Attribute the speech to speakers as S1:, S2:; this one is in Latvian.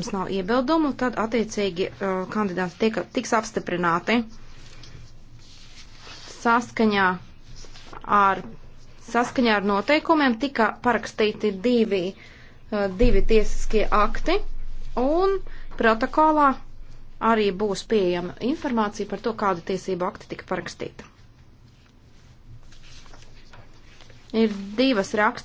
S1: jums nav iebildumu, tad attiecīgi uh, kandidāti tiek, tiks apstiprināti saskaņā ar, saskaņā ar noteikumiem tika parakstīti divi, uh, divi tiesiskie akti un protokolā arī būs pieejama informācija par to, kāda tiesība akti tika parakstīta. Ir
S2: divas raksta